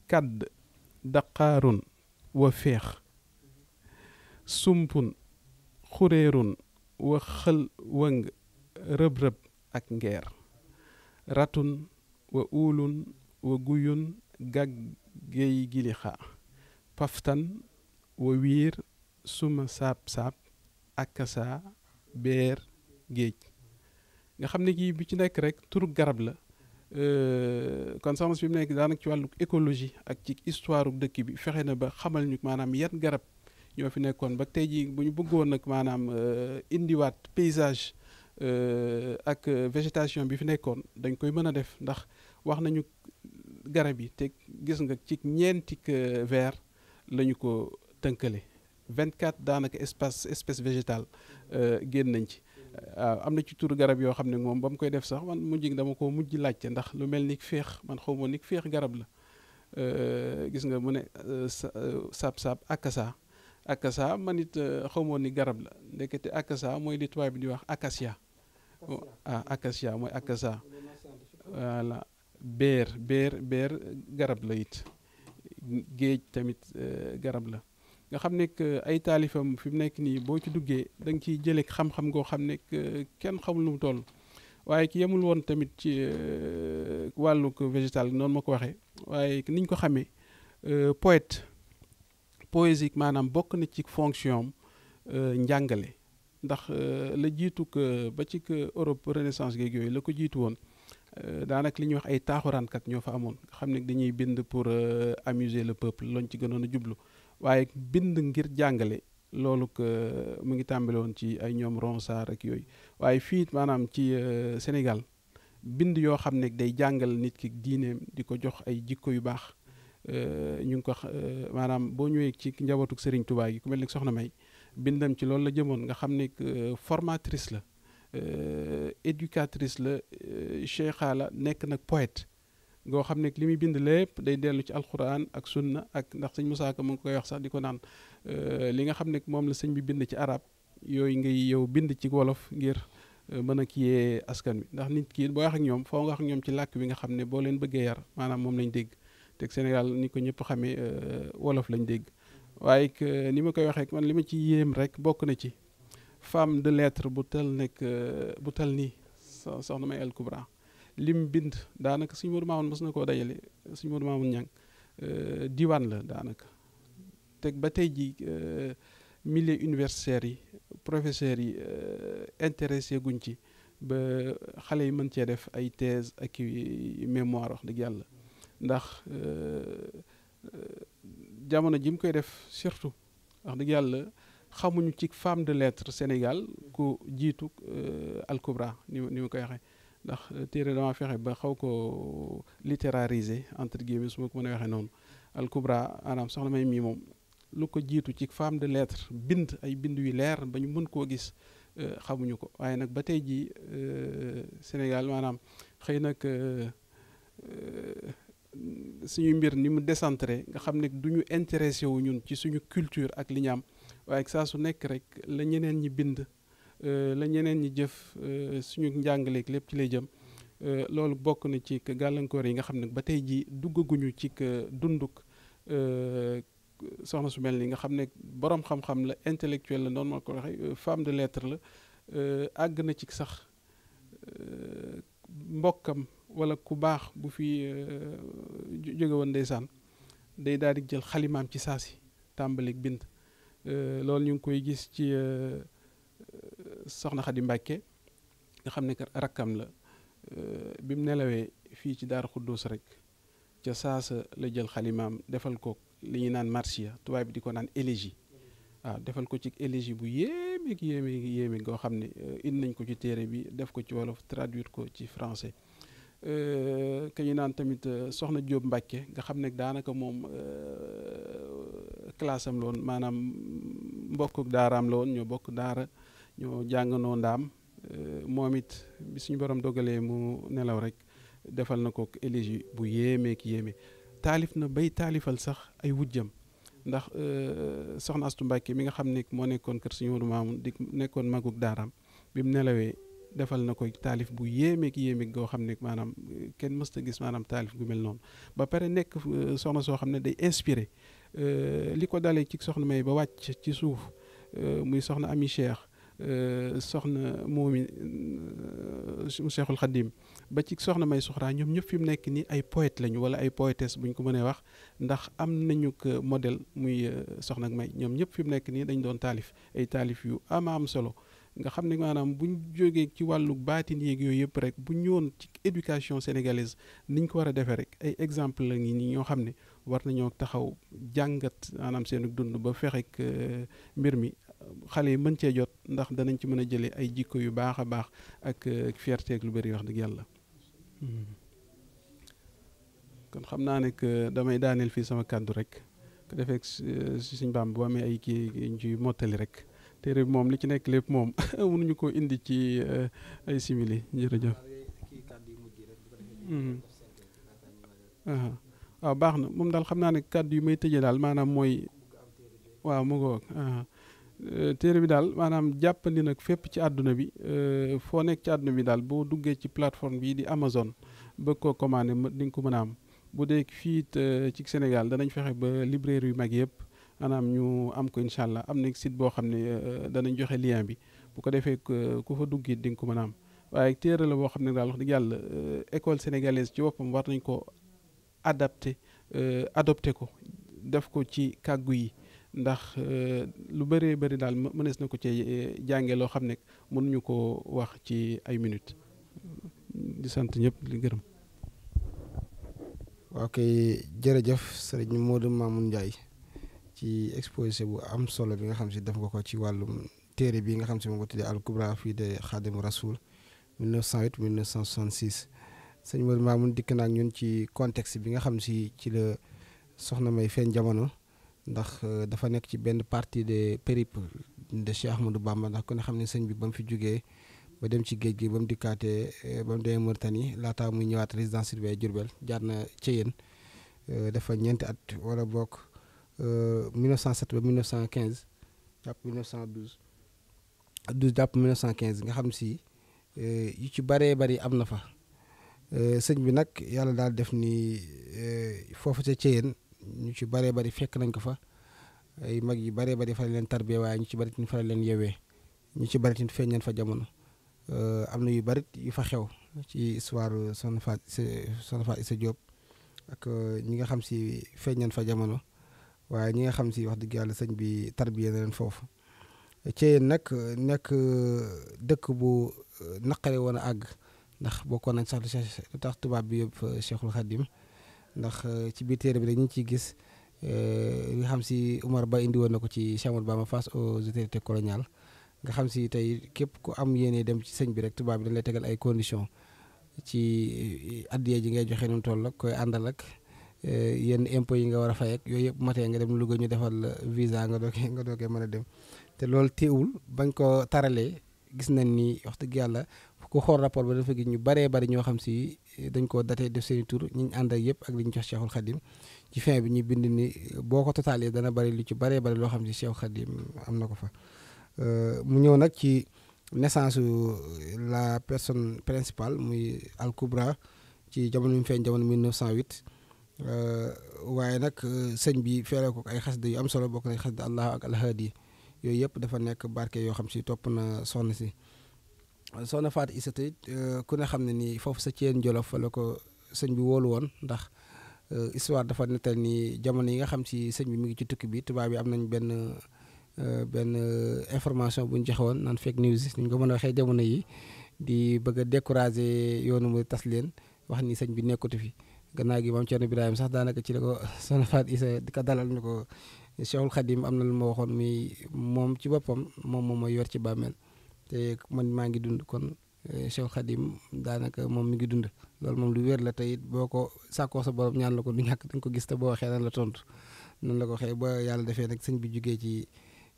kàdd daqaarun wa feex sumpun xuréerun wa xël wëng rëb-rëb ak ngeer ratun wa uulun wa guyun gàggey gilixaa paftan wa wiir suma saab-saab akasa beer géej nga xam ne kii bi ci nekk rek turu garab la euh, kon soxna si bi mu nekk daanaka ci wàllu écologie ak ci histoire dëkk bi fexe na ba xamal ñu maanaam yan garab ñoo fi nekkoon ba tey jii bu ñu bëggoon nag maanaam euh, indiwaat paysage euh, ak végétation bi fi nekkoon dañ koy mën a def ndax wax nañu garab yi te gis nga ci ñeenti vers lañu ko tënkale 24 daanaka espace espèce végétale génn nañ ci. waaw euh, am na ci turu garab yoo xam ne moom ba mu koy def sax man mujj dama koo mujj laajte ndax lu mel ni feex man xaw ma ni féex garab la euh, gis nga mu ne euh, saab saab akasa akasa man it xaw ma ni garab la ndekete akasa mooy li tubaab bi di wax acacia ah acacia mooy akasa voilà beer beer beer garab la it géej tamit garab la nga xam ne ay taalifam fi mu nekk nii boo ci duggee da nga ciy jëlee xam-xam goo xam ne kenn xamul tool waaye ki yemul woon tamit ci euh, wàllu végétal noonu ma ko waxee waaye niñ ko xamee euh, poète poésique maanaam bokk na ci fonction am euh, njàngale ndax la jiitu ba ci Europe renaissance géeg yooyu la ko jiitu woon daanaka li ñuy wax ay taaxuraankat ñoo fa amoon nga xam ne dañuy bind pour amuser le peuple loñ ci gënoon a jublu waaye bind ngir jàngale loolu que mu ngi tàmbale woon ci ay ñoom Ronsard ak yooyu waaye fiit maanaam ci euh, Sénégal bind yoo xam ne day jàngal nit ki diineem di ko jox ay jikko yu baax euh, ñu ngi ko euh, maanaam boo ñëwee ci njabootuk Serigne yi ku mel ni May bindam ci loolu la jëmoon nga xam ne formatrice la éducatrice la cheikha la nekk nag poète goo xam ne li muy bind lépp day dellu ci alxuraan ak sunna ak ndax sëñ Musaa Ka mu ngi koy wax sax di ko naan euh, li nga xam ne moom la sëñ bi bind ci araab yooyu ngay yow bind ci wolof ngir euh, mën a kiyee askan wi ndax nit kii boo wax ak ñoom foo nga wax ak ñoom ci làkk bi nga xam ne boo leen bëggee yar maanaam moom lañ dégg teg Sénégal ni ko ñëpp xamee euh, wolof lañ dégg waaye ni ma koy waxee man li ma ci yéem rek bokk na ci femme de lettre bu tal nekk bu tal nii soxna may lim bind daanaka suñu Modou Mamoun mos na koo dajale suñu Modou Mamoun ñang euh, diwaan la daanaka teg ba tey ji euh, milieu universitaires yi professeurs yi euh, intéressé guñ ci ba xale yi mën cee def ay thèse ak mémoire wax dëgg yàlla ndax jamono ji mu koy def surtout wax dëgg yàlla xamuñu ci femme de lettres Sénégal ku jiitu Al Kubra ni ni ma koy waxee ndax téere dama fexe ba xaw ko littérariser entre guillemets su ma ko mën a waxee noonu al kubra soxla soxna may mii moom lu ko jiitu ci femme de lettre bind ay bind yu leer ba ñu mën koo gis euh, xamuñu ko waaye nag ba tey jii euh, Sénégal maanaam xëy nag euh, suñu mbir ni mu décentré nga xam ne du ñu intéressé wu ñun ci suñu culture ak li ñu am waaye saa su nekk rek la ñeneen ñi bind Euh, la ñeneen ñi jëf euh, suñu njàngaleek lépp ci lay jëm euh, loolu bokk na ci gàllankoor yi nga xam ne ba tey jii duggaguñu ci dunduk soxna su mel ni nga xam ne borom xam-xam la intellectuel la noonu ma ko waxee femme de lettre la àgg na ci sax mbokkam wala ku baax bu fi jóge woon ndeysaan day daal di jël xalimaam ci saasi tàmbalik bind loolu ñu ngi koy gis ci. soxna Xadi Mbàkke nga xam ne rakkam la euh, bi mu nelawee fii ci daar Xuddoos rek ca saasa la jël xalimaam defal ko li ñu naan marsiya tubaab bi di ko naan élégie waaw defal ko ci élégie bu yéemeeg yéemeeg ngoo xam ne euh, indi nañ ko ci téere bi def ko ci wolof traduire ko ci français euh, ka ñu naan tamit soxna Jóob Mbàkke nga xam ne daanaka moom classe am maanaam mbokk daaraam la woon ñoo bokk daara ñoo jàngandoo ndaam euh, moom it bi suñu borom dogalee mu nelaw rek defal na ko élégie bu yéemeek yéeme taalif na bay taalifal sax ay wujjam ndax euh, soxna Astu Mbàkke mi nga xam ne moo nekkoon kër suñu Moodu Maamun di nekkoon magug daaram bi mu nelawee defal na ko taalif bu yéemeek yéemeek goo xam ne maanaam euh, kenn mësta gis maanaam taalif gu mel noonu ba pare nekk soxna soo xam ne day inspiré li ko dalee ci soxna may ba wàcc ci suuf muy soxna Ami Euh, soxna moomi euh, Cheikhul Khadim ba ci soxna may suxraa ñoom ñëpp fi mu nekk nii ay poète lañu wala ay poétesse buñ ko mënee wax ndax am nañu ko modèle muy euh, soxna ak may ñoom ñëpp fi mu nekk nii dañ doon taalif ay taalif yu ama am solo nga xam ne maanaam buñ jógee ci wàllu baatin yéeg yooyu yëpp rek bu ñëwoon ci éducation sénégalaise niñ ko war a defee rek ay exemple la ni ñoo xam ne war nañoo taxaw jàngat maanaam seeni dund ba fexek mbir mi xale yi mën cee jot ndax danañ ci mën a jëlee ay jikko yu baax a baax ak euh, fierté ak lu bari wax dëgg yàlla hmm. kon xam naa ne que damay daaneel fii sama kàddu rek ko defee si suñ baam bu amee ay kii ci mottali rek téere bi moom li ci nekk lépp moom [LAUGHS] mënuñu ko indi ci euh, ay simili jërëjëf hmm. waaw baax na moom daal xam naa ne kàddu yu may tëjee daal maanaam mooy waaw mu ngoog Euh, téere bi daal maanaam jàppandi nag fépp ci àdduna bi euh, foo nekk ci àdduna bi daal boo duggee ci plateforme bii di Amazon bëgg ko commandé di nga ko mën a am bu dee fii euh, ci Sénégal danañ fexe ba librairie yu mag yëpp maanaam ñu am ko incha allah am na site boo xam ne danañ joxe lien bi bu ko defee ku fa dugg it di nga ko mën a am waaye téere la boo xam ne daal wax dëgg yàlla école sénégalaise ci woppam war nañ ko adapté adopté ko def ko ci kàggu yi. ndax euh, lu bëree bëri daal mënees na ko cee euh, jànge loo xam ne mënuñu ko wax ci ay minutes di sant ñëpp di gërëm. waaw kay jërëjëf sëriñ Modou Mamoun Ndiaye ci exposé bu am solo bi nga xam si def nga ko ci wàllum téere bi nga xam si moo ko tuddee al Kubra fii de Xaadimu Rasul 1908 1966 sëñ Modou Mamoun dikk na ak ñun ci contexte bi nga xam si ci la soxna May feeñ jamono. ndax euh, dafa nekk ci benn partie de périple de Cheikh Ahmadou Bamba ndax ku ne xam ne sëñ bi ba mu fi jógee ba dem ci géej gi ba mu dikkaatee euh, ba mu demee Mauritanie laataa muy ñëwaat résidence surveillée Diourbel jaar na ci yéen euh, dafa ñeenti at wala bokk 1907 ba 1915 jàpp 1912 12 jàpp 1915 nga xam si yi ci bëree bëri am na fa sëñ bi nag yàlla daal def nii foofu ca Thièyeen ñu ci baree bari fekk nañ ko fa ay mag yu baree bari faral leen tarbee waaye ñu ci bari tin faral leen yewee ñu ci bari tin feeñ fa jamono euh, am na yu bari yu fa xew ci histoire Soxna Faat Soxna Faat Issa Diop ak euh, ñi nga xam si feeñ fa jamono waaye ñi nga xam si wax dëgg yàlla sëñ bi tarbiyee na leen foofu Thiéyène nag nekk euh, dëkk bu naqare woon a àgg ndax bokkoon nañ sax lu tax tubaab bi yëpp Cheikhul Khadim ndax euh, ci biir téere bi dañu ci gis euh, nga xam si Umar Ba indi woon na ko ci Cheikh Amadou Bamba face aux autorités coloniales nga xam si tey képp ku am yéene dem ci sëñ bi rek tubaab bi dañ lay tegal ay conditions ci euh, addiya ji ngay joxe nu toll ak koy àndal ak yenn impôts yi nga war a fay ak yooyu yëpp matee nga dem Louga ñu defal visa nga dookee nga dookee mën a dem te loolu teewul bañ ko taralee gis nañ ni wax dëgg yàlla ku xool rapport ba dafa gis ñu baree bari ñoo xam si eh, dañ koo daté def seeni tur ñi ñu ànd ak yëpp ak li ñu jox Cheikhul Khadim ci fin bi ñu bind ni eh, boo ko dana bari lu ci baree bari loo xam si Cheikhul Khadim am na ko fa euh, mu ñëw nag ci naissance euh, la personne principale muy Al Kubra ci jamono mu feeñ jamono 1908 euh, waaye nag sëñ bi feere ko ay xasida yu am solo bokk na xasida Allah ak Al yooyu yëpp dafa nekk barke yoo xam si topp na soxna si soxna Faat Isa tey euh, ku ne xam ne nii foofu sa ceen Jolof fa la ko sëñ bi woolu woon ndax euh, histoire dafa nettal ni jamono yi nga xam si sëñ bi mu ngi ci tukki bi tubaab bi am nañ benn euh, benn information buñ ñu joxe woon naan fake news ni ñu ko mën a waxee jamono yi di bëgg a décourager yoonu mu tas leen wax ni sëñ bi nekkatu fi gannaaw gi maam Thierno Ibrahima sax daanaka ci la ko [LAUGHS] soxna Faat Isa di ko dalal ko. Cheikhul Khadim am na lu ma waxoon muy moom ci boppam moom moom mooy yor ci bàmmeel te man maa ngi dund kon eh, Cheikhul Khadim daanaka moom mi ngi dund loolu moom lu wér la te it boo ko sàkkoo sa borom ñaan la ko du ñàkk da ko gis te boo waxee nan la tontu nan la ko waxee ba yàlla defee nag sëñ bi jugee ci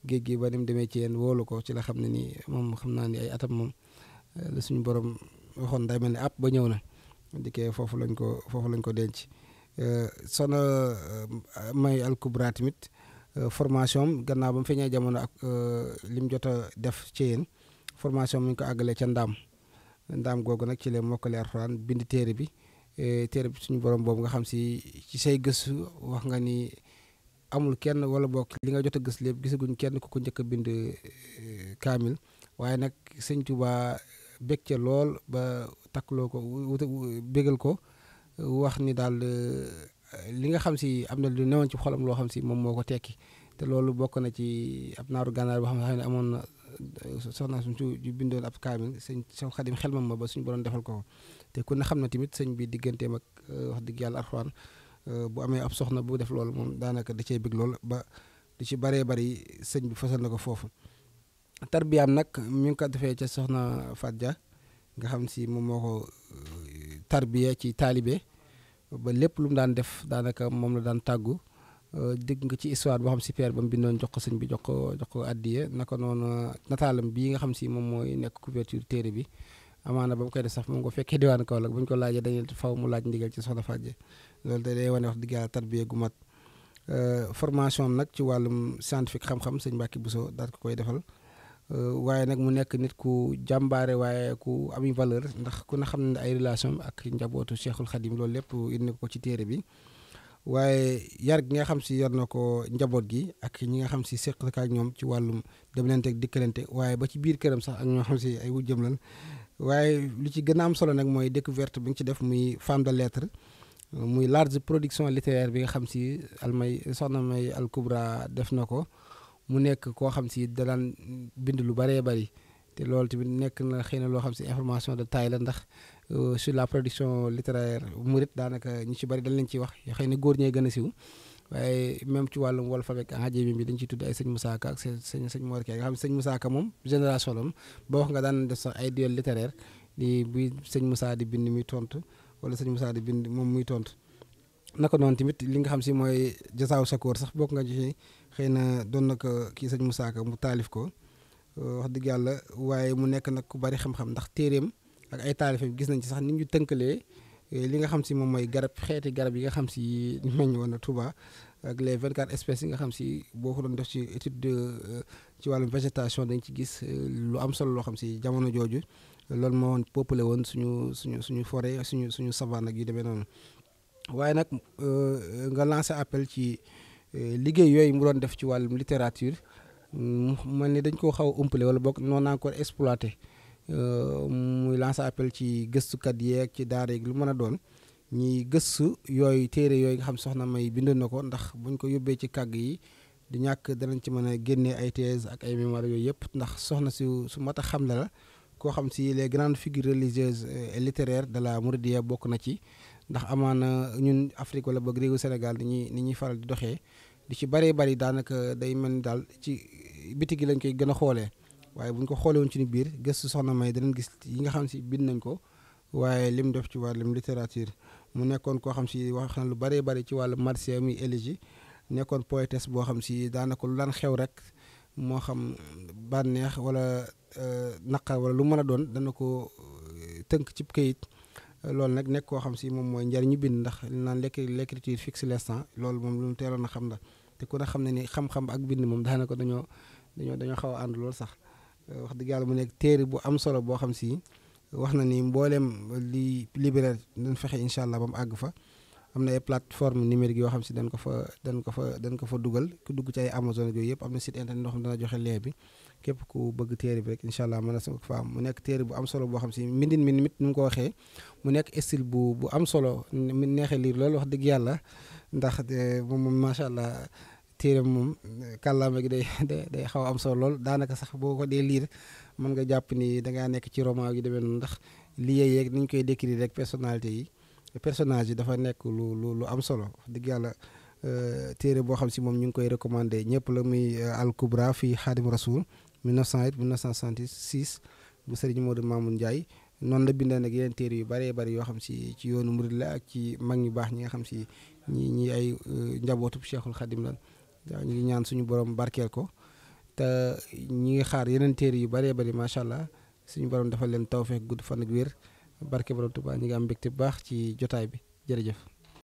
géej gi ba ni mu demee ci yéen wóolu ko ci la xam ne nii moom xam naa ni ay atam moom eh, suñu borom waxoon day mel ne app ba ñëw na dikkee foofu lañ ko foofu lañ ko denc eh, sono may alkubra Euh, formation gannaaw ba mu feeñee jamono ak euh, li mu jot a def ci formation mi ko àggalee ca ndaam ndaam googu nag ci la mokkale alxuraan bind téere bi euh, téere bi suñu borom boobu nga xam si ci say gëstu wax nga ni amul kenn wala bokk li nga jot a gës lépp gisaguñ kenn ku ko njëkk a bind kaamil waaye nag sëñ Tuubaa bég ca lool ba takkloo ko wuta bégal ko wax ni daal li nga xam si am na lu newoon ci xolam loo xam si moom moo ko tekki te loolu bokk na ci ab naaru gànnaar boo xam ne amoon na eh, soxna suñu ju ab kaamil sëñ soo xadim xel ma ba suñu borom defal ko te ku ne xam na tamit sëñ bi digganteem ak eh, wax dëgg yàlla arxuwaan eh, bu amee ab soxna bu def loolu moom daanaka da cee bëgg lool ba du ci baree bari sëñ bi fasal na ko foofu. tarbiyaam nag mi ngi ko defee ca soxna ja nga xam si moom moo ko tarbiya ci taalibe. ba lépp lu mu daan def daanaka moom la daan tàggu euh, dégg nga ci histoire boo xam si père ba mu bindoon jox ko sëñ bi jox ko jox ko addiye naka noonu nataalam bii nga xam si moom mooy nekk couverture téere bi amaana ba mu koy def sax moom ko fekkee diwaan Kaolack bu ñu ko laajee dañuy faw mu laaj ndigal ci soxna Fàjje loolu da day wane wax dëgg yàlla tarbiya gu mat euh, formation nag ci wàllum scientifique xam-xam sëñ Mbàkke so daal ko koy defal Euh, waaye nag mu nekk nit ku jàmbaare waaye ku am valeur ndax ku ne xam ne ay relation ak njabootu Cheikhul Khadim loolu lépp indi ko ci téere bi waaye yar gi nga xam si yor na ko njaboot gi ak ñi nga xam si seq ak ñoom ci wàllum demlante ak dikkalante waaye ba ci biir këram sax ak ñoo xam si ay wujjëm lan waaye lu ci gën a am solo nag mooy découverte bi nga ci def muy femme de lettre muy large production littéraire bi nga xam si almay soxna may al def na ko mu nekk koo xam si da bind lu baree bari te loolu tamit nekk na xëy na loo xam si information de taille la ndax euh, su la production littéraire murit daanaka ñu ci bari dañ leen ciy wax xëy na góor ñee gën a siw waaye même ci wàllum wolof avec ajami bi dañ ciy tudd ay sëñ Moussa ak sëñ sëñ Mor Kay nga xam ne moom génération lam ba wax nga daan def ay duel littéraire di buy sëñ Moussa di bind muy tontu wala sëñ Moussa di bind moom muy tont naka noonu tamit li nga xam si mooy jasaaw sa koor sax bokk nga ci xëy na doon na ko kii sëñ Moussa Ka mu taalif ko euh, wax dëgg yàlla waaye mu nekk nag ku bari xam-xam ndax téeréem ak ay taalifam gis nañ ci sax ni ñu tënkalee eh, li nga xam si moom mooy garab xeeti garab yi nga xam si [LAUGHS] meññ woon na Touba ak les vingt quatre yi nga xam si boo ko doon def ci étude euh, ci wàllum végétation dañ ci gis euh, lu am solo loo xam si jamono jooju loolu moo woon peuplé woon suñu suñu suñu forêt suñu suñu savane ak yu demee noonu waaye nag nga lancé appel ci. Euh, liggéey yooyu mu doon def ci wàllum littérature man ni dañ ko xaw a umpale wala boog noonu encore exploité euh, muy lance appel ci gëstukat yeeg ci daara yeeg lu mën a doon ñi gëstu yooyu téere yooyu nga xam soxna May bind na ko ndax buñ ko yóbbee ci kàgg yi du ñàkk danañ ci mën a génnee ay thèse ak ay mémoire yooyu yëpp ndax soxna si su mat a xam la la koo xam si les grandes figures religieuses et littéraires de la Mouridiyya bokk na ci ndax amaana ñun Afrique wala boog Sénégal ni ñuy ni ñuy faral di doxee di ci bëree bëri daanaka day mel ni daal ci biti lañ koy gën a xoolee waaye buñ ko xoolee ci ni biir gëstu soxna May danañ gis yi nga xam si bind nañ ko waaye lim def ci wàllum littérature mu nekkoon koo xam si wax na lu bëree bëri ci wàllu marsiya muy élégie nekkoon poétesse boo xam si daanaka lu daan xew rek moo xam bànneex wala euh, naqar wala lu mën a doon dana ko euh, tënk ci kayit loolu nag nekk koo xam si moom mooy njariñu bind ndax li naan l'écriture fixe l'instant loolu moom lu mu teeroon a xam la te ku ne xam ne ni xam-xam ak bind moom daanaka dañoo dañoo dañoo xaw a ànd loolu sax euh, wax dëgg yàlla mu nekk téere bu am solo boo xam si wax na ni mbooleem li libraire dañ fexe incha allah ba mu àgg fa am na ay plateforme numérique yoo xam si dañ ko fa dan ko fa dañ ko fa dugal ku dugg ci ay Amazon yooyu yëpp am na site internet ndox xam dana joxe lien bi képp ku bëgg téere bi rek incha allah mën na sa mu nekk téere bu am solo boo xam si mbindin mi mit nu ko waxee mu nekk style bu bu am solo mi neexee liir loolu wax dëgg yàlla ndax eh, moom moom macha allah téere moom eh, kàllaama [LAUGHS] day day xaw am solo daanaka sax boo ko dee liir mën nga jàpp ni dangaa nekk ci roman yu demee ndax liggéey yeeg ni ñu koy décrire rek personnalité yi personnage yi dafa nekk lu lu lu am solo dëgg yàlla eh, téere boo xam si moom ñu ngi koy recommandé ñëpp la muy al kubra fii xaadim rasul 1908 1966 moo Serigne Modou Mamoun Ndiaye noonu la bindee nag yeneen téere yu bëree bëri yoo xam si ci yoonu murid la ak ci mag ñu baax ñi nga xam si ñi ñi ay euh, njabootub Cheikhul Khadim lan ñu ngi ñaan suñu borom barkeel ko te ñi ngi xaar yeneen téere yu bëree bari macha allah suñu borom dafa leen tawfeex gudd fan ak wér barke borom Tuubaa ñi ngi am mbégte bu baax ci jotaay bi jërëjëf.